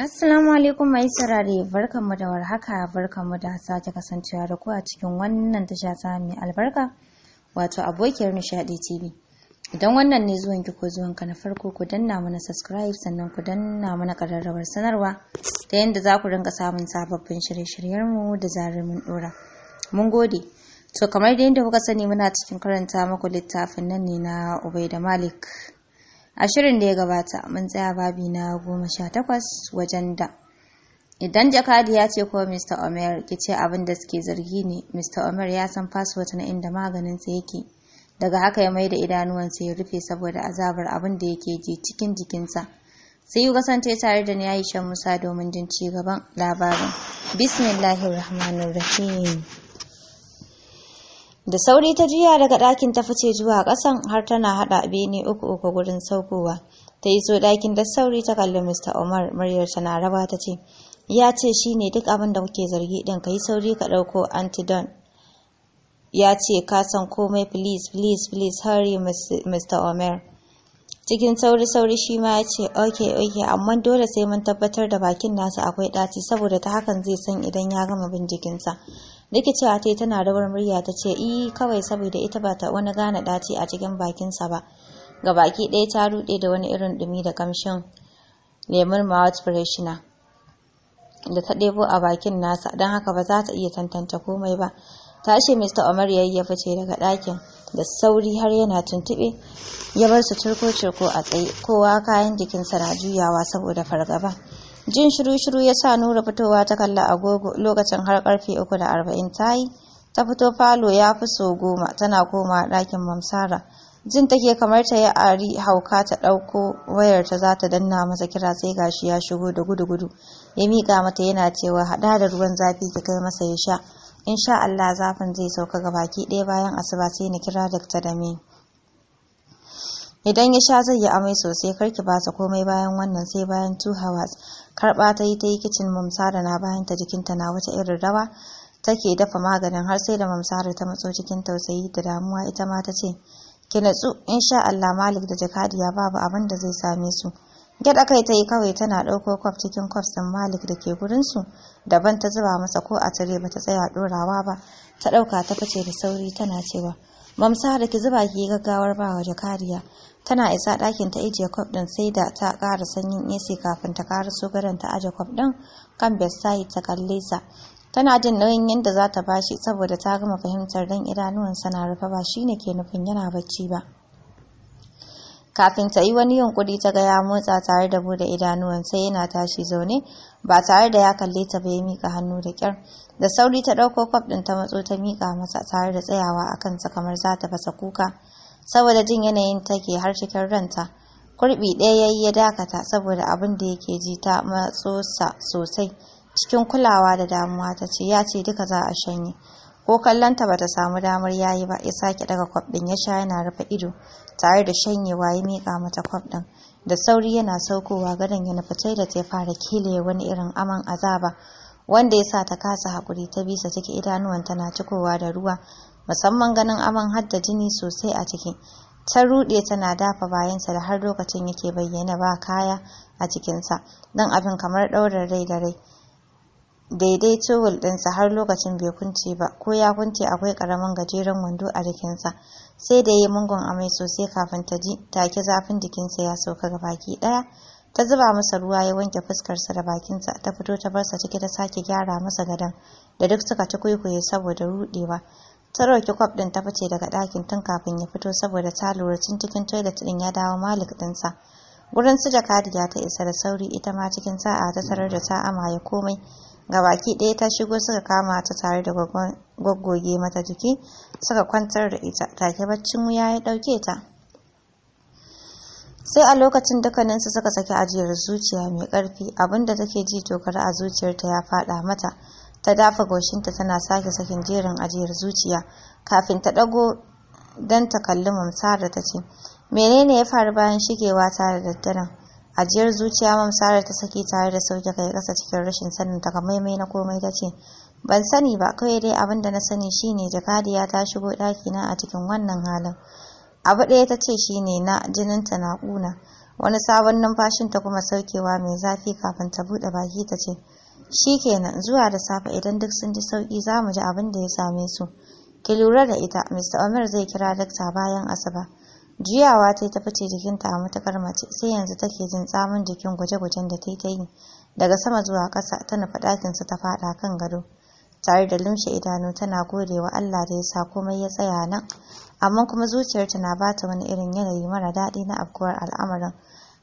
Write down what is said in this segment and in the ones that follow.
Assalamu alaikum mai saurare barkanmu da warhaka barkanmu da sake kasancewa da ku a cikin wannan tasha ta mai albarka wato abokiyar nishadi TV. Idan wannan ne zuwan ki ko zuwan ka na farko ku danna mana subscribe sannan ku danna mana kararrawar sanarwa ta yadda za ku rinka samun sababbin shirye-shiryen mu da zarar mun dora. Mun gode. To kamar da yadda kuka sani muna cikin karanta muku littafin nan ne na Ubaida Malik a shirin da ya gabata mun tsaya babi na goma sha takwas wajen da idan jakadi ya ce ko mr omer ki ce abin da suke zargi ne mr omer ya san fasfot na inda maganin sa yake daga haka ya mai da idanuwansa ya rufe saboda azabar abin da yake ji cikin jikinsa sai yi kasance tare da yayi shan musa domin jin ci gaban labarin bismillahirrahmanirrahim da sauri ta jiya daga ɗakin ta fice zuwa ƙasan har tana haɗa bene uku uku gurin saukowa ta yi so ɗakin da sauri ta kalli mr omar muryar na raba ta ce ya ce shi ne duk abin da kuke zargi ɗin ka yi sauri ka ɗauko antidon ya ce ka san komai please please please hurry mr omar cikin sauri-sauri shi ma ya ce ok ok amma dole sai mun tabbatar da bakin nasa akwai ɗaci saboda ta hakan zai san idan ya gama bincikinsa a ta tana rawar murya ta ce i kawai saboda ita ba ta wani gane ɗaci a cikin bakinsa ba ga baki ɗaya ta ruɗe da wani irin ɗumi da kamshin lemon mouth freshener da ta ɗebo a bakin nasa don haka ba za ta iya tantance komai ba tashi mr omar yayi ya fice daga ɗakin da sauri har yana tuntuɓe ya bar su turko cirko a tsaye kowa kayan jikinsa na juyawa saboda fargaba jin shiru-shiru ya sa nura fitowa ta kalla agogo lokacin har karfe 3:40 ta yi ta fito falo ya fi so goma tana koma ɗakin mamsara jin take kamar ta yi ari hauka ta ɗauko wayar ta za ta danna masa kira sai gashi ya shigo da gudu-gudu ya miƙa mata yana cewa haɗa da ruwan zafi ki kai masa ya sha insha Allah zafin zai sauka ga baki ɗaya bayan asuba sai na kira dakta da me idan ya sha zai yi amai sosai kar ki basa komai bayan wannan sai bayan 2 hours karba ta yi ta yi kicin mamsara na bayan ta jikinta na wata irin rawa take dafa maganin har sai da mamsara ta matso cikin tausayi da damuwa ita ma ta ce ki natsu insha Allah Malik da Jakadiya babu abin da zai same su gyada kai ta yi kawai tana ɗauko kwaf cikin kwaf din Malik da ke gurin su. daban ta zuba masa ko a tare ta tsaya ɗorawa ba ta ɗauka ta fice da sauri tana cewa mamsara ki zuba ki gaggawar ba wa Jakadiya tana isa ɗakin ta ijiye kwaf ɗin sai da ta ƙara sanyin AC kafin ta ƙara sugarin ta aje kwaf ɗin kan bedside ta kalle sa tana jin nauyin yadda za ta bashi saboda ta gama fahimtar dan sa na rufe ba shine ke nufin yana bacci ba kafin ta yi wani yunkuri ta ga ya motsa tare da bude idanuwan sai yana tashi zaune ba tare da ya kalle ta ba ya mika hannu da kyar da sauri ta ɗauko kwaf ɗin ta matso ta mika masa tare da tsayawa a kansa kamar za ta fasa kuka saboda jin yanayin take har cikin ranta kurbi ɗaya yayi ya dakata saboda abin da yake ji ta matsosa sosai cikin kulawa da damuwa ta ce ya ce duka za a shanye ko kallon ta bata samu damar yayi ba ya sake daga kwaf ɗin ya sha yana rufe ido tare da shanyewa ya miƙa mata kwaf ɗin da sauri yana saukowa gadon ya nufi da ta fara kile wani irin aman azaba wanda ya sa ta kasa hakuri ta bisa ciki idanuwan tana cikowa da ruwa musamman ganin aman hadda jini sosai a ciki ta rude tana dafa bayansa da har lokacin yake bayyana ba kaya a cikinsa don abin kamar ɗaurin rai da rai daidai towul ɗinsa har lokacin bai kunce ba ko ya kunce akwai karamin gajeren wando a jikinsa sai da yi mungon amai sosai kafin ta ji take zafin jikinsa ya sauka ga baki ɗaya ta zuba masa ruwa ya wanke fuskarsa da bakinsa ta fito ta barsa ciki ta sake gyara masa gadon da duk suka ta kwaikwaye saboda rudewa ta roki kwaf din ta fice daga ɗakin tun kafin ya fito saboda ta lura tun cikin toilet din ya dawo malik ɗinsa gurin su jakadiya ta isa da sauri ita ma cikin sa'a ta tarar da ta ama ya komai gabaki ɗaya ta shigo suka kama ta tare da goggoge mata jiki suka kwantar da ita take baccin wuya ya ɗauke ta sai a lokacin dukkaninsu suka saki ajiyar zuciya mai ƙarfi abinda take ji tokar a zuciyarta ya faɗa mata ta dafa goshinta tana sake sakin jerin ajiyar zuciya kafin ta ɗago don ta kalli mamsara ta ce menene ya faru bayan shigewa tare da daddaren ajiyar zuciya mamsara ta saki tare da sauke kai kasa cikin rashin sanin maimai na komai ta ce ban sani ba kawai dai abin da na sani shine jakadiya ta shigo na a cikin wannan halin abu ɗaya ta ce shine na jininta na ƙuna wani sabon numfashin ta kuma saukewa mai zafi kafin ta buɗe baki ta ce Shi kenan zuwa da safe idan duk sun ji sauki za mu ji abin da ya same su. Ki lura da ita, Mr. omar zai kira dakta bayan asuba. Juyawa ta ta fice jikinta a matukar mace sai yanzu take jin tsamin jikin gwaje-gwajen da ta yi daga sama zuwa ƙasa ta nufa su ta faɗa kan gado. tare da lumshe idanu tana gode wa Allah da ya sa komai ya tsaya nan amma kuma zuciyarta na bata wani irin yanayi mara daɗi na afkuwar al'amarin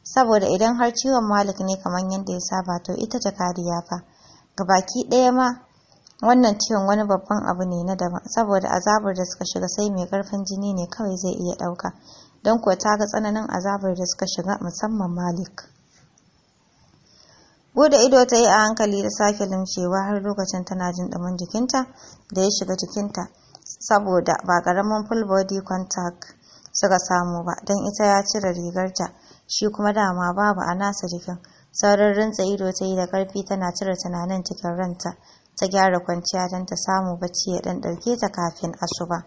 saboda idan har ciwon Malik ne kamar yadda ya saba to ita jakadiya fa gabaki ɗaya ma wannan ciwon wani babban abu ne na daban saboda azabar da suka shiga sai mai karfin jini ne kawai zai iya ɗauka don kuwa ta ga tsananin azabar da suka shiga musamman malik bude ido ta yi a hankali da sake limshewa har lokacin tana jin ɗumin jikinta da ya shiga jikinta saboda ba karamin full body contact suka samu ba don ita ya cire rigarta shi kuma dama babu a nasa jikin Saurin rintsa ido ta yi da ƙarfi tana cire tunanin cikin ranta, ta gyara kwanciya don ta samu bacci ya ɗan ɗauke ta kafin asuba.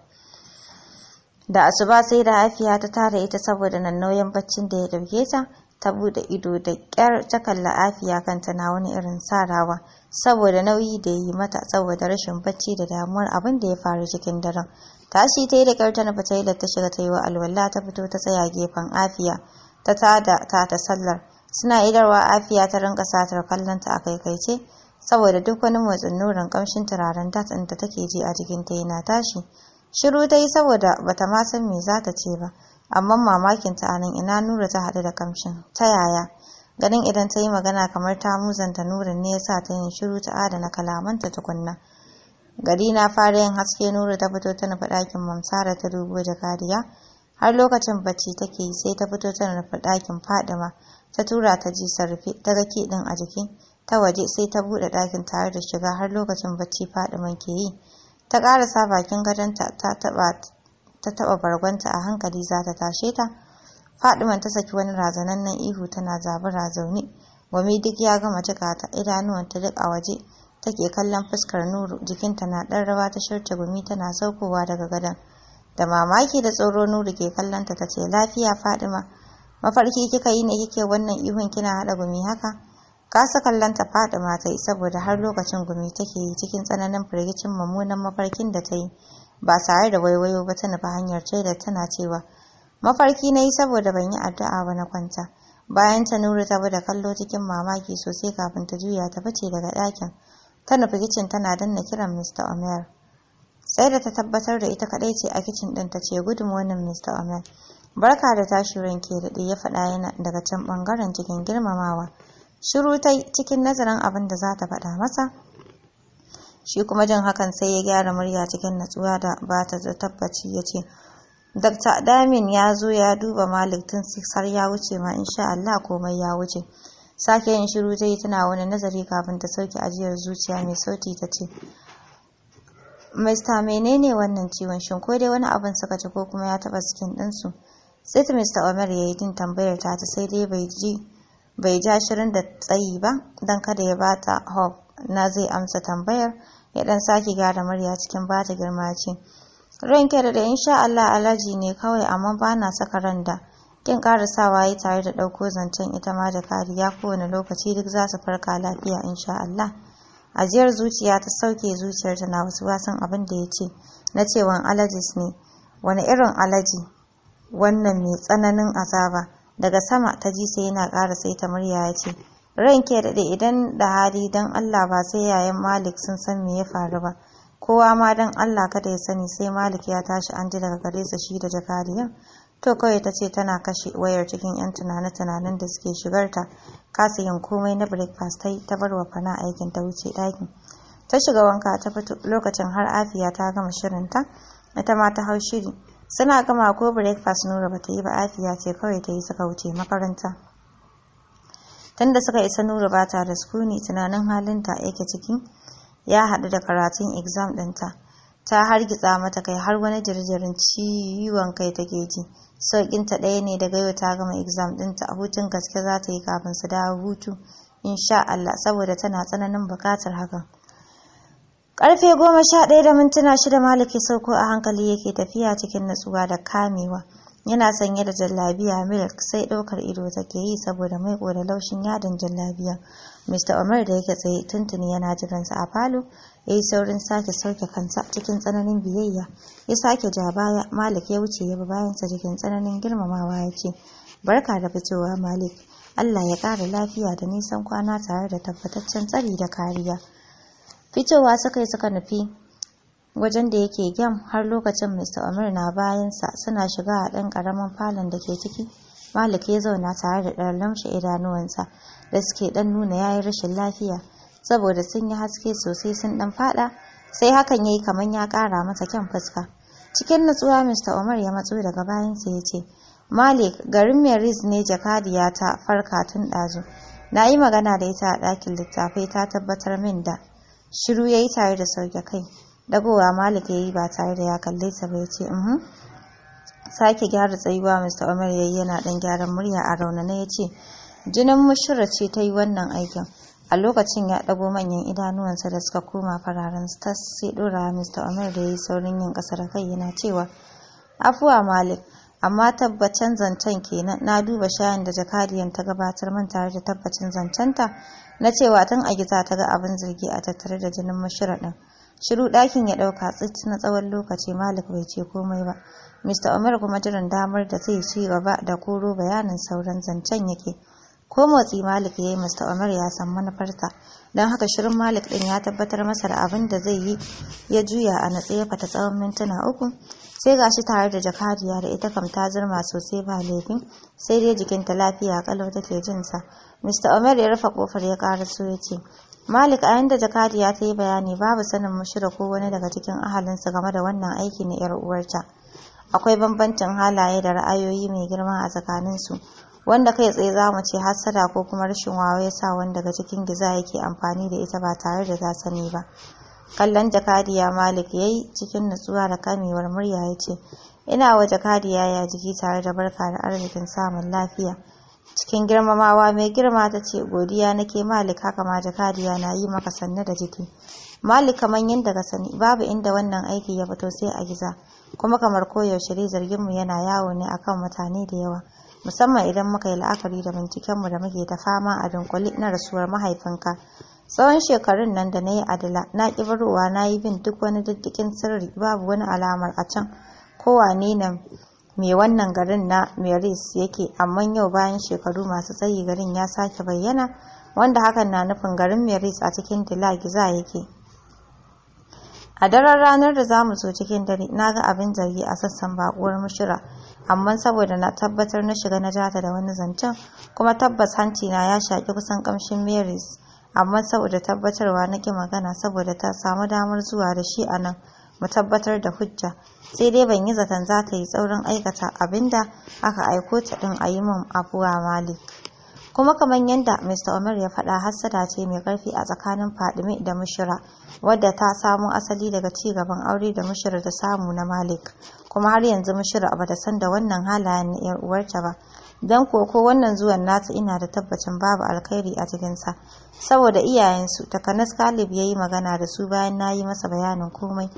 Da asuba sai da hafiya ta tara ita saboda nan nauyin baccin da ya ɗauke ta, ta buɗe ido da ƙyar ta kalla afiya kanta na wani irin sarawa saboda nauyi da ya yi mata saboda rashin bacci da damuwar abin da ya faru cikin daren tashi ta yi da ƙyar ta nufa ta yi ta shiga ta yi wa alwala ta fito ta tsaya gefen afiya ta tada ta ta sallar suna idarwa afiya ta rinka satar kallon ta a kaikaice saboda duk wani motsin nurin kamshin turaren dat da take ji a jikin jikinta yana tashi shiru ta yi saboda bata ma san me za ta ce ba amma mamakin ta nan ina nura ta haɗu da kamshin ta yaya ganin idan ta yi magana kamar ta muzanta nurin ne sa ta yin shiru ta adana kalamanta tukunna gari na fara yin haske nuru ta fito ta nufi ɗakin mamsara ta dubo jakadiya har lokacin bacci take yi sai ta fito ta nufi ɗakin fadima ta tura ta ji sarfe ta ga kiɗin a jiki ta waje sai ta buɗe ɗakin tare da shiga har lokacin bacci faɗiman ke yi ta ƙara sa bakin gadonta ta taɓa ta bargonta a hankali za ta tashe ta faɗiman ta saki wani razanannen ihu tana zabura zaune gwami duk ya gama cika ta ta duk a waje take kallon fuskar nuru jikinta na ɗan rawa ta shirce gumi tana saukowa daga gadon da mamaki da tsoro nuru ke kallonta ta ce lafiya fadima mafarki kika yi ne kike wannan ihun kina hada gumi haka kasa kallon ta faɗi mata yi saboda har lokacin gumi take yi cikin tsananin firgicin mummunan mafarkin da ta yi ba tare da waiwayo ba ta nufi hanyar da tana cewa mafarki na yi saboda ban yi addu'a ba na kwanta bayan ta nuru ta da kallo cikin mamaki sosai kafin ta juya ta fice daga ɗakin ta nufi kicin tana danna kiran Mr. Omer sai da ta tabbatar da ita kaɗai ce a kicin ɗin ta ce gudun wani Mr. Omer barka da tashin ranke daɗe ya faɗa yana daga can ɓangaren cikin girmamawa shiru ta cikin nazarin abin da za ta faɗa masa shi kuma jin hakan sai ya gyara murya cikin natsuwa da ba ta da tabbaci ya ce Dr. Damin ya zo ya duba Malik tun har ya wuce ma insha Allah komai ya wuce. Sake yin shiru yi tana wani nazari kafin ta sauke ajiyar zuciya mai sauti ta ce, Mista menene wannan ciwon shin ko dai wani abin suka ci ko kuma ya taɓa cikin ɗinsu? sai ta mista omar ya yi jin tambayar ta ta sai dai bai ji bai ja shirin da tsayi ba don kada ya bata hope na zai amsa tambayar ya dan sake gyara murya cikin bata girma ce ranke da da insha Allah alaji ne kawai amma ba na saka randa kin karasawa yi tare da ɗauko zancen ita ma da kariya kowane lokaci duk za su farka lafiya insha Allah ajiyar zuciya ta sauke zuciyar ta na wasu wasan abin da ya ce na cewan alajis ne wani irin alaji wannan mai tsananin azaba daga sama ta ji sai yana ƙara sai ta murya ya ce Ran ke daɗe idan da hali don allah ba sai yayan malik sun san me ya faru ba kowa ma don allah kada ya sani sai malik ya tashi an ji daga gare sa shi da jakadiyan to kawai ta ce tana kashe wayar cikin 'yan tunane tunanin da suke shigarta kasa yin komai na breakfast yi ta bar wa fana aikin ta wuce ɗakin ta shiga wanka ta fito lokacin har afiya ta gama shirinta ita ma ta hau shiri suna gama ko breakfast nura ba ta yi ba afiya ce kawai ta yi suka wuce makaranta tunda suka isa nura ba ta da sukuni tunanin halinta yake cikin ya haɗu da karatun exam ɗinta ta hargitsa mata kai har wani jirjirin ciwon kai take ji sauƙinta ɗaya ne daga yau ta gama exam ɗinta a hutun gaske za ta yi kafin su dawo hutu insha Allah saboda tana tsananin buƙatar hakan Karfe goma sha ɗaya da mintuna shida Maliki sauko a hankali yake tafiya cikin natsuwa da kamewa. Yana sanye da jallabiya milk sai ɗaukar ido take yi saboda mai da laushin yadin jallabiya. Mr. Omar da yake tsaye tuntuni yana jiransa a falo ya yi saurin sake sauke kansa cikin tsananin biyayya. Ya sake ja baya Malik ya wuce ya bi bayansa cikin tsananin girmamawa ya ce, Barka da fitowa Malik, Allah ya ƙara lafiya da nisan kwana tare da tabbataccen tsari da kariya. fitowa suka yi suka nufi wajen da yake gyam har lokacin mr amir na bayansa suna shiga a ɗan ƙaramin falon da ke ciki malik ya zauna tare da ɗan lamshe idanuwansa da suke ɗan nuna ya yi rashin lafiya saboda sun yi haske sosai sun ɗan faɗa sai hakan ya yi kamar ya ƙara masa kyan fuska cikin nutsuwa mr umar ya matso daga bayansa ya ce malik garin maris ne jakadiya ta farka tun ɗazu na yi magana da ita a ɗakin littafai ta tabbatar min da shiru ya yi tare da sauke kai dagowa malik ya yi ba tare da ya kalle ta ba ya ce uhum sake gyara tsayuwa mr omar ya yi yana dan gyaran murya a raunana ya ce jinin mushura ce ta yi wannan aikin a lokacin ya ɗago manyan idanuwansa da suka koma fararen stars sai ɗora mr omar da ya yi saurin yin ƙasar kai yana cewa afuwa malik amma tabbacin zancen kenan na duba shayin da jakadiyan ta gabatar man tare da tabbacin zancenta na cewa tun a gida ta ga abin zargi a tattare da jinin mashiraɗin shiru dakin ya dauka tsit na tsawon lokaci malik bai ce komai ba mr omar kuma jiran damar da zai ci gaba da koro bayanin sauran zancen yake ko motsi malik ya yi mr omar ya san manufarta don haka shirin malik din ya tabbatar masa da abin da zai yi ya juya a natse ya fata tsawon mintuna uku sai gashi tare da jakadiya da ita kam ta zirma sosai ba laifin sai dai jikinta lafiya kalau take jinsa Mr. Omer ya rufe kofar ya karaso ya ce, Malik a jakadi jakadiya ta yi bayani babu sanin mushira ko wani daga cikin ahalinsa game da wannan aiki na ‘yar uwarta. Akwai bambancin halaye da ra'ayoyi mai girma a tsakaninsu, wanda kai tsaye za mu ce hassada ko kuma rashin wawa ya sa wani daga cikin giza yake amfani da ita ba tare da ta sani ba. Kallon jakadiya Malik ya yi cikin nutsuwa da kamewar murya ya ce, Ina wa jakadiya ya jiki tare da barka da arzikin samun lafiya. cikin girmamawa mai girma ta ce godiya nake malika kama ma jakadiya na yi maka sanne da jiki malik kamar yadda ka sani babu inda wannan aiki ya fito sai a giza kuma kamar koyaushe dai zarginmu yana yawo ne akan mutane da yawa musamman idan muka yi la'akari da bincikenmu da muke ta fama a dunkule na rasuwar mahaifinka tsawon shekarun nan da na yi adala na ƙi barowa na yi bin duk wani diddikin sirri babu wani alamar a can wane nan me wannan garin na Maris yake amma yau bayan shekaru masu tsayi garin ya sake bayyana wanda hakan na nufin garin Maris a cikin Giza yake. A daren ranar da zamu zo cikin dare na ga abin zargi a sassan bakuwar mushira amma saboda na tabbatar na shiga na jata da wani zancen kuma tabbas hanci na ya shaki kusan kamshin Maris amma saboda tabbatarwa na magana saboda ta samu damar zuwa da shi a nan mu tabbatar da hujja sai dai ban yi zaton za ta yi tsaurin aikata abinda aka aiko ta din a yi mun abuwa malik kuma kamar yadda mr Umar ya faɗa hassada ce mai karfi a tsakanin fadimi da mushira wadda ta samo asali daga ci gaban aure da mushira da samu na malik kuma har yanzu mushira ba ta san da wannan halayen na yar uwarta ba dan koko wannan zuwan nata ina da tabbacin babu alkhairi a cikinsa saboda iyayensu takanas kalib ya yi magana da su bayan na yi masa bayanin komai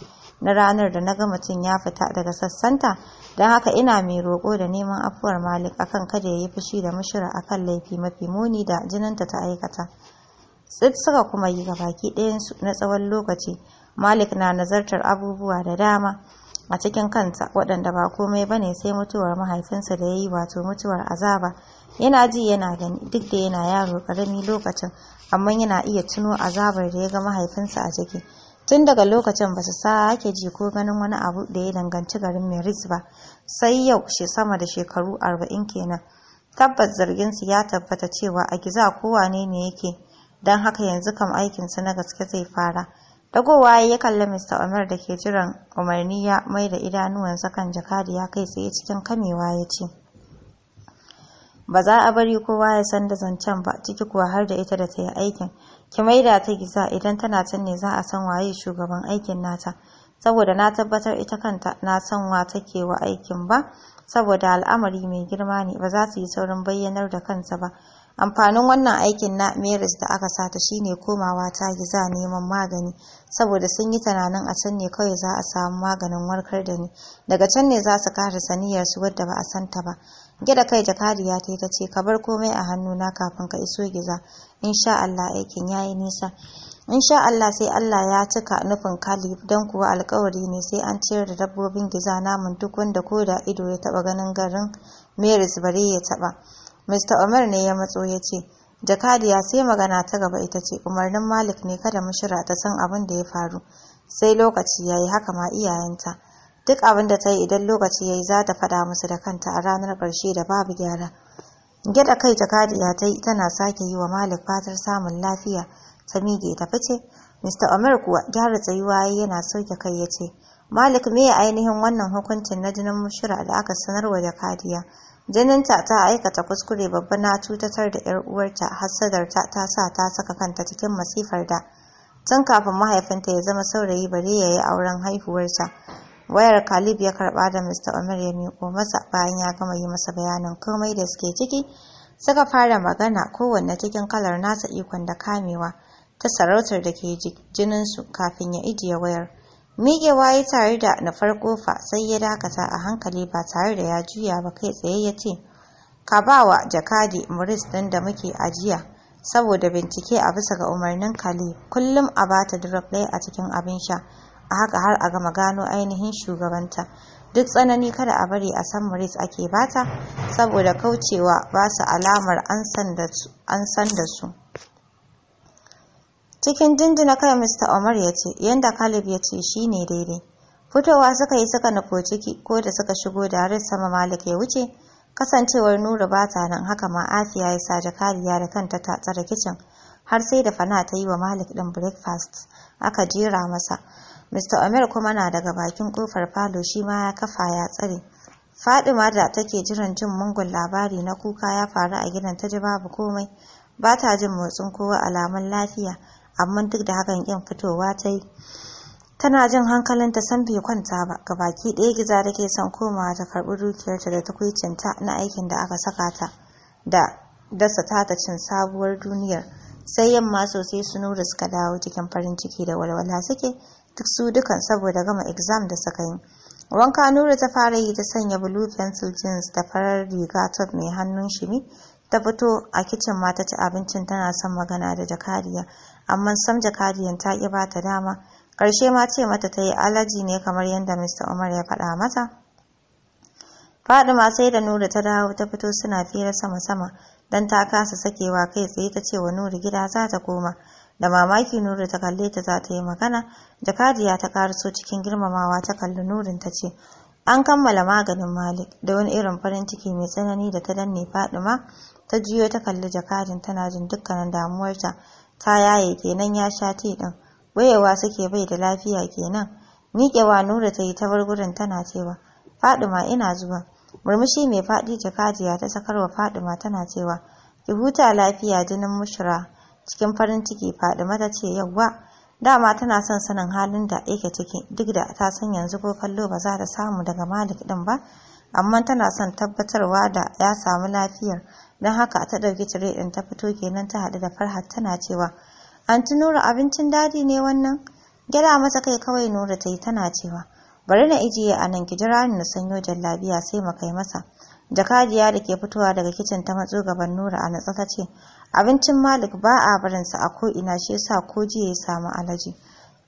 na ranar da na ga mutum ya fita daga sassanta don haka ina mai roƙo da neman afuwar malik akan kada ya yi fushi da mashira akan laifi mafi muni da jininta ta aikata tsit suka kuma yi ga baki ɗayansu na tsawon lokaci malik na nazartar abubuwa da dama a cikin kanta waɗanda ba komai ba ne sai mutuwar mahaifinsa da ya yi wato mutuwar azaba yana ji yana gani duk da yana yaro ƙarami lokacin amma yana iya tuno azabar da ya ga mahaifinsa a ciki tun daga lokacin ba su sake ji ko ganin wani abu da ya danganci garin maris ba sai yau shi sama da shekaru arba'in kenan tabbas zarginsu ya tabbata cewa a giza kowane ne yake don haka yanzu kam aikinsu na gaske zai fara dagowa ya kalli mr omar da ke jiran umarni ya mai da idanuwansa kan ya kai tsaye cikin kamewa ya ce ba za a bari kowa ya san da zancen ba ciki kuwa har da ita da ta yi aikin ki maida ta giza idan tana can ne za a san waye shugaban aikin nata saboda na tabbatar ita kanta na san wa take wa aikin ba saboda al'amari mai girma ne ba za su yi saurin bayyanar da kansa ba amfanin wannan aikin na meris da aka sata shine komawa ta giza neman magani saboda sun yi tunanin a can ne kawai za a samu maganin warkar da ni daga can ne za su kare saniyar su wadda ba a santa ba Gida kai jakadiya ta ta ce, ka bar komai a hannuna kafin ka iso giza, insha Allah aikin ya yi nisa. Insha Allah sai Allah ya cika nufin Kalib don kuwa alkawari ne sai an ciyar da dabbobin giza namun duk wanda ko da ido ya taba ganin garin Meris bari ya taba. Mr. Umar ne ya matso ya ce, Jakadiya sai magana ta gaba ita ce, umarnin Malik ne kada shira ta san abin da ya faru, sai lokaci ya yi haka ma iyayenta. duk abin da ta yi idan lokaci ya yi za ta faɗa musu da kanta a ranar ƙarshe da babu gyara gyada kai ta kadiya ta yi tana sake yi wa malik fatar samun lafiya ta mige ta fice mr omar kuwa gyara tsayuwa ya yana sauke kai ya ce malik me ya ainihin wannan hukuncin na jinin mushura da aka sanarwa jakadiya jininta ta aikata kuskure babba na cutatar da yar uwarta hassadarta ta sa ta saka kanta cikin masifar da tun kafin mahaifinta ya zama saurayi bare ya yi auren haihuwarta wayar Khalid ya karba da Mr. Umar ya miko masa bayan ya gama yi masa bayanin komai da suke ciki suka fara magana kowanne cikin kalar nasa ikon da kamewa ta sarautar da ke jinin su kafin ya ijiye wayar miƙewa ya tare da na farko fa sai ya dakata a hankali ba tare da ya juya ba kai tsaye ya ce ka ba wa jakadi muris ɗin da muke ajiya saboda bincike a bisa ga umarnin khalid kullum a bata drop ɗaya a cikin abin sha a haka har a gama gano ainihin shugabanta duk tsanani kada a bari a san maris ake bata saboda kaucewa ba su alamar an san da su cikin jinjina kai mr omar ya ce yadda kalib ya ce shi ne daidai fitowa suka yi suka nufo ciki ko da suka shigo da harin sama malik ya wuce kasancewar nura ba ta nan haka ma afiya ya sa jakariya da kanta ta tsara kicin har sai da fana ta yi wa malik din breakfast aka jera masa Mr. Omer kuma na daga bakin kofar falo shi ma ya kafa ya tsare. Fadima da take jiran jin mungun labari na kuka ya faru a gidan ta ji babu komai, ba ta jin motsin kowa alamun lafiya, amma duk da hakan kin fitowa ta yi. Tana jin hankalinta san bai kwanta ba, ga baki ɗaya giza ke son komawa ta karɓi dukiyarta da takwicinta na aikin da aka saka ta da dasa ta ta cin sabuwar duniyar. Sai yamma sosai su nura suka dawo cikin farin ciki da walwala suke duk su dukan saboda gama exam da suka yi wanka nura ta fara yi ta sanya blue pencil jeans da farar riga top mai hannun shimi ta fito a kicin ma ci abincin tana son magana da jakadiya amma sam jakadiyan ta ƙi bata dama ƙarshe ma ce mata ta yi alaji ne kamar yadda mr umar ya faɗa mata fadima sai da nura ta dawo ta fito suna fira sama-sama don ta kasa sakewa kai tsaye ta ce wa nuru gida za ta koma da mamaki nuri ta kalle ta za ta yi magana jakadiya ta karaso cikin girmamawa ta kalli nurin ta ce an kammala maganin malik da wani irin farin ciki mai tsanani da ta danne faduma ta jiyo ta kalli jakadin tana jin dukkanin damuwarta ta yaye kenan ya sha te din wayewa suke bai da lafiya kenan miƙewa nura ta yi ta bar gurin tana cewa Faduma ina zuwa murmushi mai faɗi jakadiya ta sakarwa faduma tana cewa ki huta lafiya jinin mushra cikin farin ciki Fadima mata ce yawwa dama tana son sanin halin da yake ciki duk da ta san yanzu ko kallo ba za ta samu daga Malik din ba amma tana son tabbatarwa da ya samu lafiyar don haka ta ɗauki tire din ta fito kenan ta haɗu da Farhat tana cewa An ci Nura abincin dadi ne wannan gyara mata kai kawai Nura ta yi tana cewa bari na ijiye a nan ki jira ni na sanyo jallabiya sai mu kai masa jakadiya da ke fitowa daga kicin ta matso gaban Nura a natsa ta ce abincin malik ba a barinsa a ko'ina shi yasa ko jiya ya samu alaji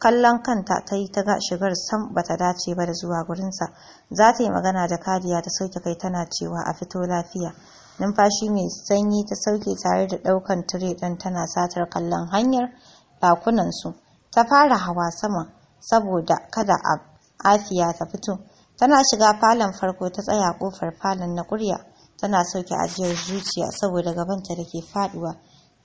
kallon kanta ta yi ta ga shigar sam bata dace ba da zuwa gurinsa za ta yi magana da kadiya ta sauke kai tana cewa a fito lafiya numfashi mai sanyi ta sauke tare da ɗaukan tire ɗin tana satar kallon hanyar ɗakunansu ta fara hawa sama saboda kada a afiya ta fito tana shiga falon farko ta tsaya kofar falon na kurya tana sauke ajiyar zuciya saboda gabanta da ke faduwa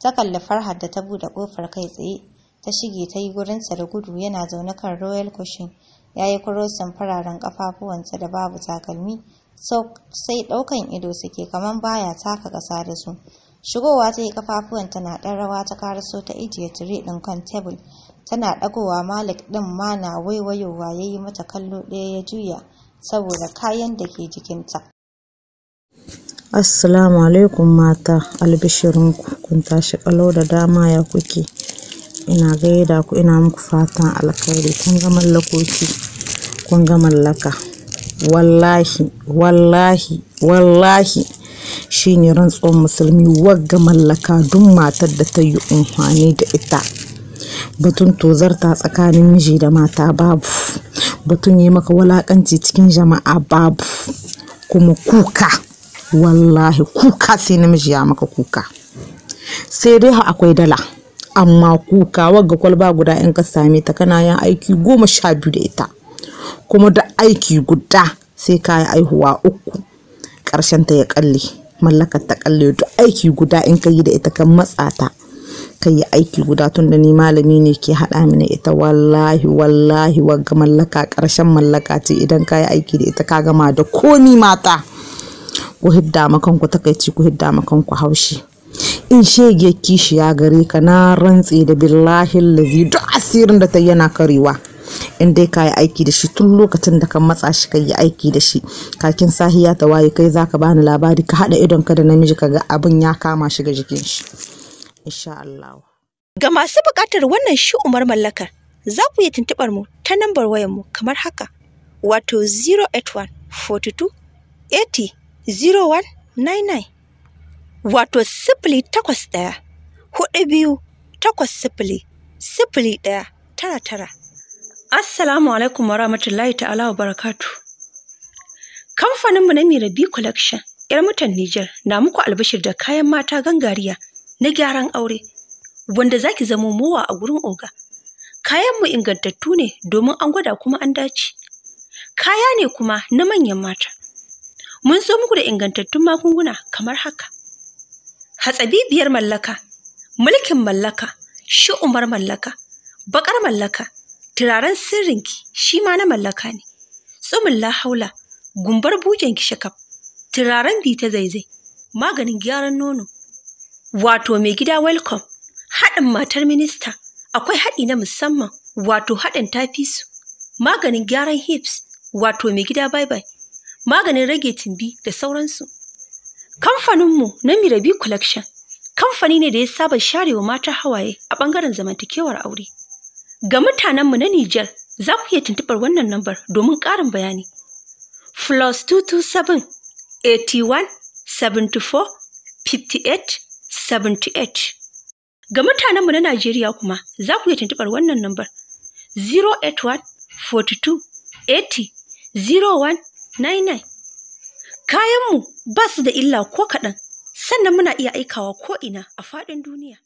ta kalli farhad da ta bude kofar kai tsaye ta shige ta yi gurinsa da gudu yana zaune kan royal cushion ya yi kurosin fararen kafafuwansa da babu takalmi sai daukan ido suke kamar baya taka kasa da su shigowa ta yi kafafuwan na ɗan rawa ta karaso ta ijiye tire ɗin kan tebul tana ɗagowa malik ɗin ma na waiwayowa ya yi mata kallo ɗaya ya juya saboda kayan da ke jikinta Assalamu alaikum mata albishirinku kun tashi kalau da dama ya kuke ina gaida ku ina muku fatan alkhairi kun ga mallakoki kun ga mallaka wallahi wallahi wallahi shine rantsuwar musulmi wagga mallaka duk matar da ta yi amfani da ita batun tozarta tsakanin miji da mata babu batun yi maka walakanci cikin jama'a babu kuma kuka wallahi kuka sai namiji ya maka kuka sai dai akwai dala amma kuka wagga kwalba guda in ka same ta kana yin aiki goma sha biyu da ita kuma da aiki guda sai ka yi aihuwa uku ƙarshen ta ya kalle mallakar ta kalle duk aiki guda in ka yi da ita kan matsa ta ka yi aiki guda tun da ni malami ne ke haɗa mini ita wallahi wallahi wagga mallaka ƙarshen mallaka ce idan ka yi aiki da ita ka gama da komi mata ku hidda ma kanku takaici ku hidda ma kanku haushi in shege kishi ya gare ka na rantse da billahi lazi duk asirin da ta yana karewa in dai ka yi aiki da shi tun lokacin da ka matsa shi ka yi aiki da shi kakin sahiya ta waye kai zaka bani labari ka haɗa idon ka da namiji ka ga abin ya kama shi ga jikin shi insha Allah ga masu bukatar wannan shi umar mallakar za ku yi tuntuɓar mu ta lambar wayar mu kamar haka wato 081 42 80 0199 wato sifili takwas ɗaya hudu biyu takwas sifili sifili ɗaya tara tara. Assalamu alaikum wa rahmatullahi ta'ala wa barakatu. Kamfaninmu na Mirabi Collection, 'yar mutan Nijar, na muku albashir da kayan mata gangariya na gyaran aure, wanda zaki zamo mowa a gurin oga. Kayanmu ingantattu ne domin an gwada kuma an dace. Kaya ne kuma na manyan mata. mun so muku da ingantattun magunguna kamar haka Hatsabi biyar mallaka mulkin mallaka shi umar mallaka bakar mallaka turaren sirrinki shi ma na mallaka ne tsumin lahaula gumbar bujenki shakaf turaren bi ta zaizai maganin gyaran nono wato mai gida welcome haɗin matar minista akwai haɗi na musamman wato haɗin tafisu maganin gyaran hips wato mai gida bye bye maganin rage tumbi da sauransu. Kamfaninmu na Mirabi Collection kamfani ne da ya saba sharewa mata hawaye a ɓangaren zamantakewar aure. Ga mutanenmu na Nijar za ku iya tuntuɓar wannan lambar domin ƙarin bayani. Plus 227 81 74 58 78 Ga mutanenmu na Najeriya kuma za ku iya tuntuɓar wannan lambar 081 42 80 01 99 kayanmu ba su da illa ko kaɗan sannan muna iya aikawa ko'ina a faɗin duniya